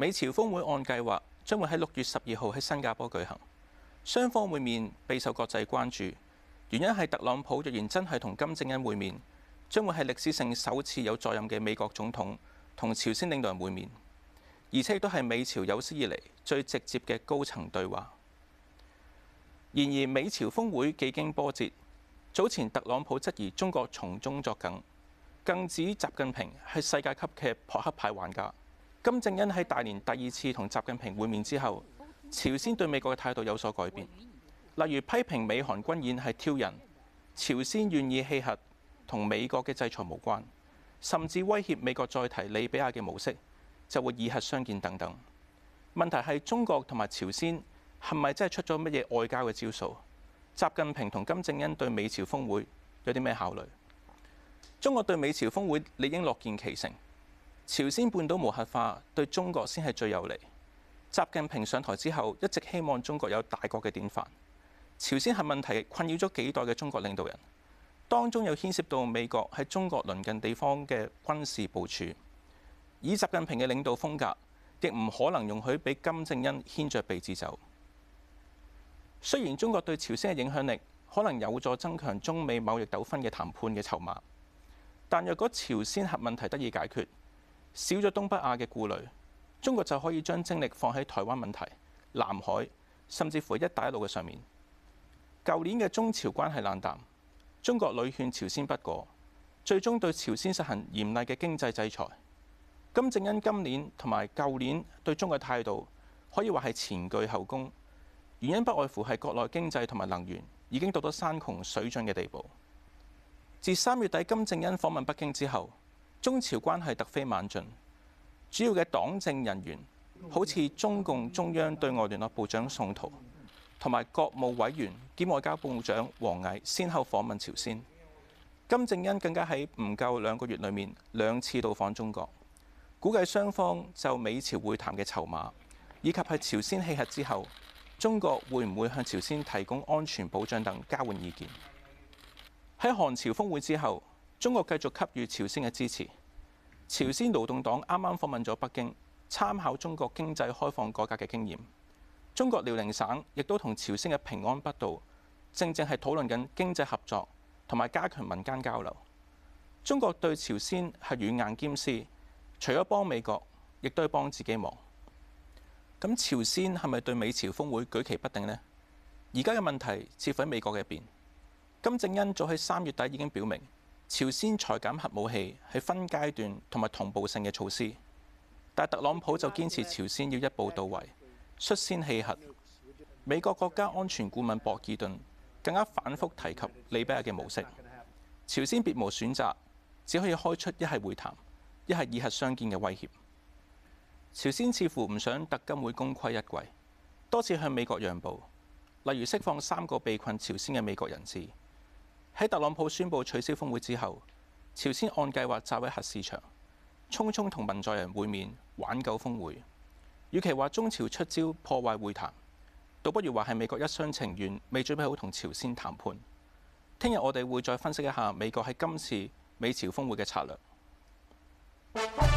美朝峰會按計劃將會喺六月十二號喺新加坡舉行，雙方會面備受國際關注，原因係特朗普若然真係同金正恩會面，將會係歷史性首次有在任嘅美國總統同朝鮮領導人會面，而且亦都係美朝有史以嚟最直接嘅高層對話。然而美朝峰會幾經波折，早前特朗普質疑中國從中作梗，更指習近平係世界級嘅撲克牌玩家。金正恩喺大連第二次同習近平會面之後，朝鮮對美國嘅態度有所改變，例如批評美韓軍演係挑釁，朝鮮願意棄核同美國嘅制裁無關，甚至威脅美國再提利比亞嘅模式就會以核相見等等。問題係中國同埋朝鮮係咪真係出咗乜嘢外交嘅招數？習近平同金正恩對美朝峰會有啲咩考慮？中國對美朝峰會理應樂見其成。朝鮮半島無核化對中國先係最有利。習近平上台之後，一直希望中國有大國嘅典範。朝鮮核問題困擾咗幾代嘅中國領導人，當中又牽涉到美國喺中國鄰近地方嘅軍事部署。以習近平嘅領導風格，亦唔可能容許俾金正恩牽着鼻子走。雖然中國對朝鮮嘅影響力可能有助增強中美貿易糾紛嘅談判嘅籌碼，但若果朝鮮核問題得以解決，少咗東北亞嘅顧慮，中國就可以將精力放喺台灣問題、南海，甚至乎一帶一路嘅上面。舊年嘅中朝關係冷淡，中國屢勸朝鮮不果，最終對朝鮮實行嚴厲嘅經濟制裁。金正恩今年同埋舊年對中國態度可以話係前倨後恭，原因不外乎係國內經濟同埋能源已經到咗山窮水盡嘅地步。自三月底金正恩訪問北京之後。中朝關係突飛猛進，主要嘅黨政人員好似中共中央對外聯絡部長宋濤，同埋國務委員兼外交部長王毅，先後訪問朝鮮。金正恩更加喺唔夠兩個月裏面兩次到訪中國，估計雙方就美朝會談嘅籌碼，以及喺朝鮮棄核之後，中國會唔會向朝鮮提供安全保障等交換意見。喺韓朝峰會之後。中國繼續給予朝鮮嘅支持。朝鮮勞動黨啱啱訪問咗北京，參考中國經濟開放改革嘅經驗。中國遼寧省亦都同朝鮮嘅平安北道正正係討論緊經濟合作同埋加強民間交流。中國對朝鮮係軟硬兼施，除咗幫美國，亦都係幫自己忙。咁朝鮮係咪對美朝峰會舉棋不定呢？而家嘅問題似乎喺美國嘅入邊。金正恩早喺三月底已經表明。朝鮮裁減核武器係分階段同埋同步性嘅措施，但特朗普就堅持朝鮮要一步到位，率先棄核。美國國家安全顧問博爾頓更加反覆提及利比亞嘅模式。朝鮮別無選擇，只可以開出一係會談，一係以核相見嘅威脅。朝鮮似乎唔想特金會功虧一簣，多次向美國讓步，例如釋放三個被困朝鮮嘅美國人質。喺特朗普宣布取消峰會之後，朝鮮按計劃炸毀核試場，匆匆同文在寅會面挽救峰會。與其話中朝出招破壞會談，倒不如話係美國一廂情願，未準備好同朝鮮談判。聽日我哋會再分析一下美國喺今次美朝峰會嘅策略。